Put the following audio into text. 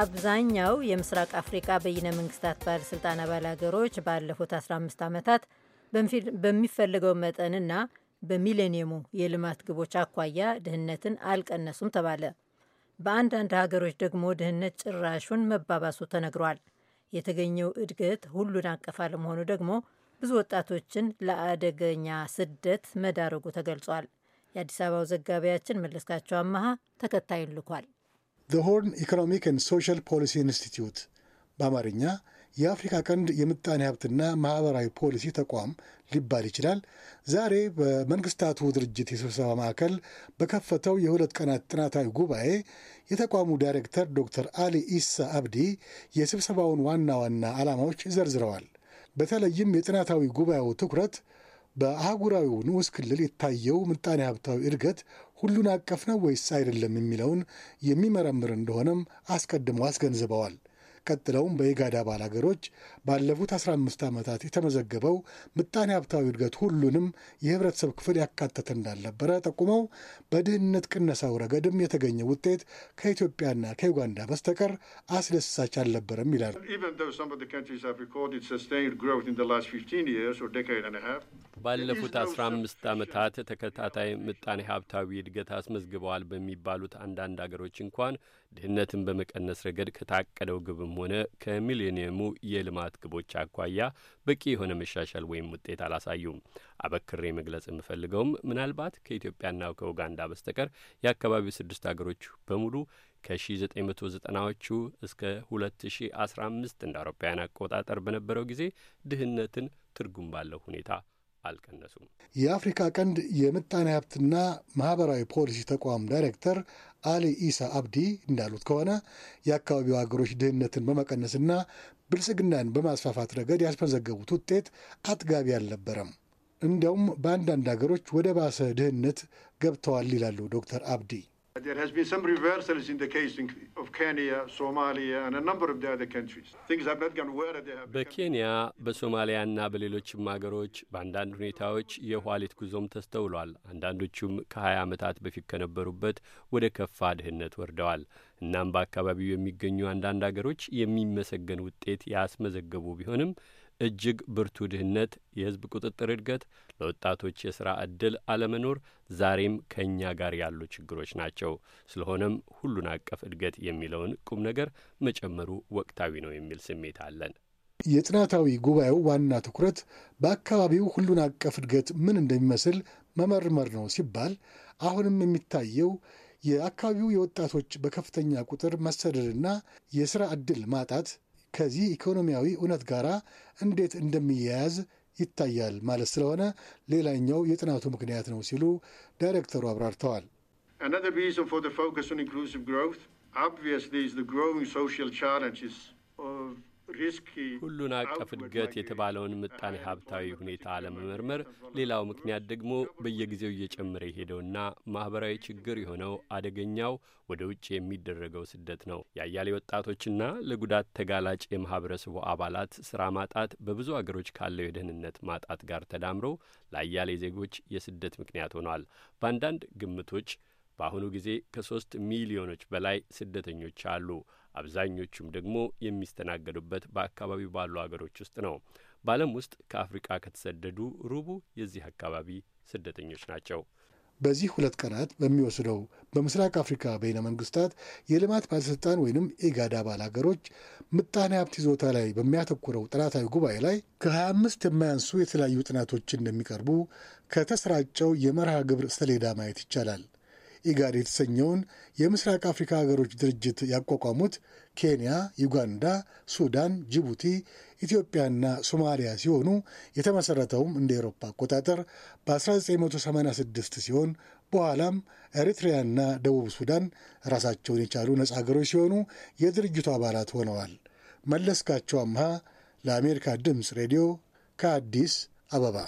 አብዛኛው የምስራቅ አፍሪካ በይነ መንግስታት ባለሥልጣን አባል ሀገሮች ባለፉት 15 ዓመታት በሚፈልገው መጠንና በሚሌኒየሙ የልማት ግቦች አኳያ ድህነትን አልቀነሱም ተባለ። በአንዳንድ ሀገሮች ደግሞ ድህነት ጭራሹን መባባሱ ተነግሯል። የተገኘው እድገት ሁሉን አቀፍ አለመሆኑ ደግሞ ብዙ ወጣቶችን ለአደገኛ ስደት መዳረጉ ተገልጿል። የአዲስ አበባው ዘጋቢያችን መለስካቸው አመሃ ተከታዩን ልኳል። ሆርን ኢኮኖሚክ ኤንድ ሶሻል ፖሊሲ ኢንስቲትዩት በአማርኛ የአፍሪካ ቀንድ የምጣኔ ሀብትና ማህበራዊ ፖሊሲ ተቋም ሊባል ይችላል። ዛሬ በመንግስታቱ ድርጅት የስብሰባ ማዕከል በከፈተው የሁለት ቀናት ጥናታዊ ጉባኤ የተቋሙ ዳይሬክተር ዶክተር አሊ ኢሳ አብዲ የስብሰባውን ዋና ዋና ዓላማዎች ዘርዝረዋል። በተለይም የጥናታዊ ጉባኤው ትኩረት በአህጉራዊው ንዑስ ክልል የታየው ምጣኔ ሀብታዊ እድገት ሁሉን አቀፍ ነው ወይስ አይደለም የሚለውን የሚመረምር እንደሆነም አስቀድሞ አስገንዝበዋል። ቀጥለውም በኢጋድ አባል አገሮች ባለፉት 15 ዓመታት የተመዘገበው ምጣኔ ሀብታዊ እድገት ሁሉንም የህብረተሰብ ክፍል ያካተተ እንዳልነበረ ጠቁመው በድህነት ቅነሳው ረገድም የተገኘ ውጤት ከኢትዮጵያና ከዩጋንዳ በስተቀር አስደሳች አልነበረም ይላል። ባለፉት አስራ አምስት ዓመታት ተከታታይ ምጣኔ ሀብታዊ እድገት አስመዝግበዋል በሚባሉት አንዳንድ አገሮች እንኳን ድህነትን በመቀነስ ረገድ ከታቀደው ግብም ሆነ ከሚሌኒየሙ የልማት ግቦች አኳያ በቂ የሆነ መሻሻል ወይም ውጤት አላሳዩም። አበክሬ መግለጽ የምፈልገውም ምናልባት ከኢትዮጵያና ከኡጋንዳ በስተቀር የአካባቢው ስድስት አገሮች በሙሉ ከ1990ዎቹ እስከ 2015 እንደ አውሮፓውያን አቆጣጠር በነበረው ጊዜ ድህነትን ትርጉም ባለው ሁኔታ አልቀነሱም። የአፍሪካ ቀንድ የምጣኔ ሀብትና ማህበራዊ ፖሊሲ ተቋም ዳይሬክተር አሊ ኢሳ አብዲ እንዳሉት ከሆነ የአካባቢው ሀገሮች ድህነትን በመቀነስና ብልጽግናን በማስፋፋት ረገድ ያስመዘገቡት ውጤት አጥጋቢ አልነበረም። እንደውም በአንዳንድ ሀገሮች ወደ ባሰ ድህነት ገብተዋል ይላሉ ዶክተር አብዲ። And there has been some reversals in the case of Kenya, Somalia, and a number of the other countries. Things have not gone where they have በኬንያ በሶማሊያና በሌሎችም ሀገሮች በአንዳንድ ሁኔታዎች የኋሊት ጉዞም ተስተውሏል። አንዳንዶቹም ከ20 ዓመታት በፊት ከነበሩበት ወደ ከፋ ድህነት ወርደዋል። እናም በአካባቢው የሚገኙ አንዳንድ አገሮች የሚመሰገን ውጤት ያስመዘገቡ ቢሆንም እጅግ ብርቱ ድህነት፣ የህዝብ ቁጥጥር እድገት፣ ለወጣቶች የሥራ ዕድል አለመኖር ዛሬም ከእኛ ጋር ያሉ ችግሮች ናቸው። ስለሆነም ሁሉን አቀፍ እድገት የሚለውን ቁም ነገር መጨመሩ ወቅታዊ ነው የሚል ስሜት አለን። የጥናታዊ ጉባኤው ዋና ትኩረት በአካባቢው ሁሉን አቀፍ እድገት ምን እንደሚመስል መመርመር ነው ሲባል አሁንም የሚታየው የአካባቢው የወጣቶች በከፍተኛ ቁጥር መሰደድና የሥራ ዕድል ማጣት ከዚህ ኢኮኖሚያዊ እውነት ጋር እንዴት እንደሚያያዝ ይታያል ማለት ስለሆነ ሌላኛው የጥናቱ ምክንያት ነው ሲሉ ዳይሬክተሩ አብራርተዋል። Another reason for the focus on inclusive growth obviously is the growing social challenges ሁሉን አቀፍ እድገት የተባለውን ምጣኔ ሀብታዊ ሁኔታ አለመመርመር፣ ሌላው ምክንያት ደግሞ በየጊዜው እየጨመረ የሄደውና ማህበራዊ ችግር የሆነው አደገኛው ወደ ውጭ የሚደረገው ስደት ነው። የአያሌ ወጣቶችና ለጉዳት ተጋላጭ የማህበረሰቡ አባላት ስራ ማጣት በብዙ አገሮች ካለው የደህንነት ማጣት ጋር ተዳምሮ ለአያሌ ዜጎች የስደት ምክንያት ሆኗል። በአንዳንድ ግምቶች በአሁኑ ጊዜ ከሶስት ሚሊዮኖች በላይ ስደተኞች አሉ። አብዛኞቹም ደግሞ የሚስተናገዱበት በአካባቢው ባሉ አገሮች ውስጥ ነው። በዓለም ውስጥ ከአፍሪቃ ከተሰደዱ ሩቡ የዚህ አካባቢ ስደተኞች ናቸው። በዚህ ሁለት ቀናት በሚወስደው በምስራቅ አፍሪካ በይነ መንግስታት የልማት ባለስልጣን ወይም ኢጋድ አባል ሀገሮች ምጣኔ ሀብት ይዞታ ላይ በሚያተኩረው ጥናታዊ ጉባኤ ላይ ከ25 የማያንሱ የተለያዩ ጥናቶች እንደሚቀርቡ ከተሰራጨው የመርሃ ግብር ሰሌዳ ማየት ይቻላል። ኢጋድ የተሰኘውን የምስራቅ አፍሪካ ሀገሮች ድርጅት ያቋቋሙት ኬንያ፣ ዩጋንዳ፣ ሱዳን፣ ጅቡቲ፣ ኢትዮጵያና ሶማሊያ ሲሆኑ የተመሠረተውም እንደ ኤሮፓ አቆጣጠር በ1986 ሲሆን በኋላም ኤሪትሪያና ደቡብ ሱዳን ራሳቸውን የቻሉ ነጻ ሀገሮች ሲሆኑ የድርጅቱ አባላት ሆነዋል። መለስካቸው አምሃ ለአሜሪካ ድምፅ ሬዲዮ ከአዲስ አበባ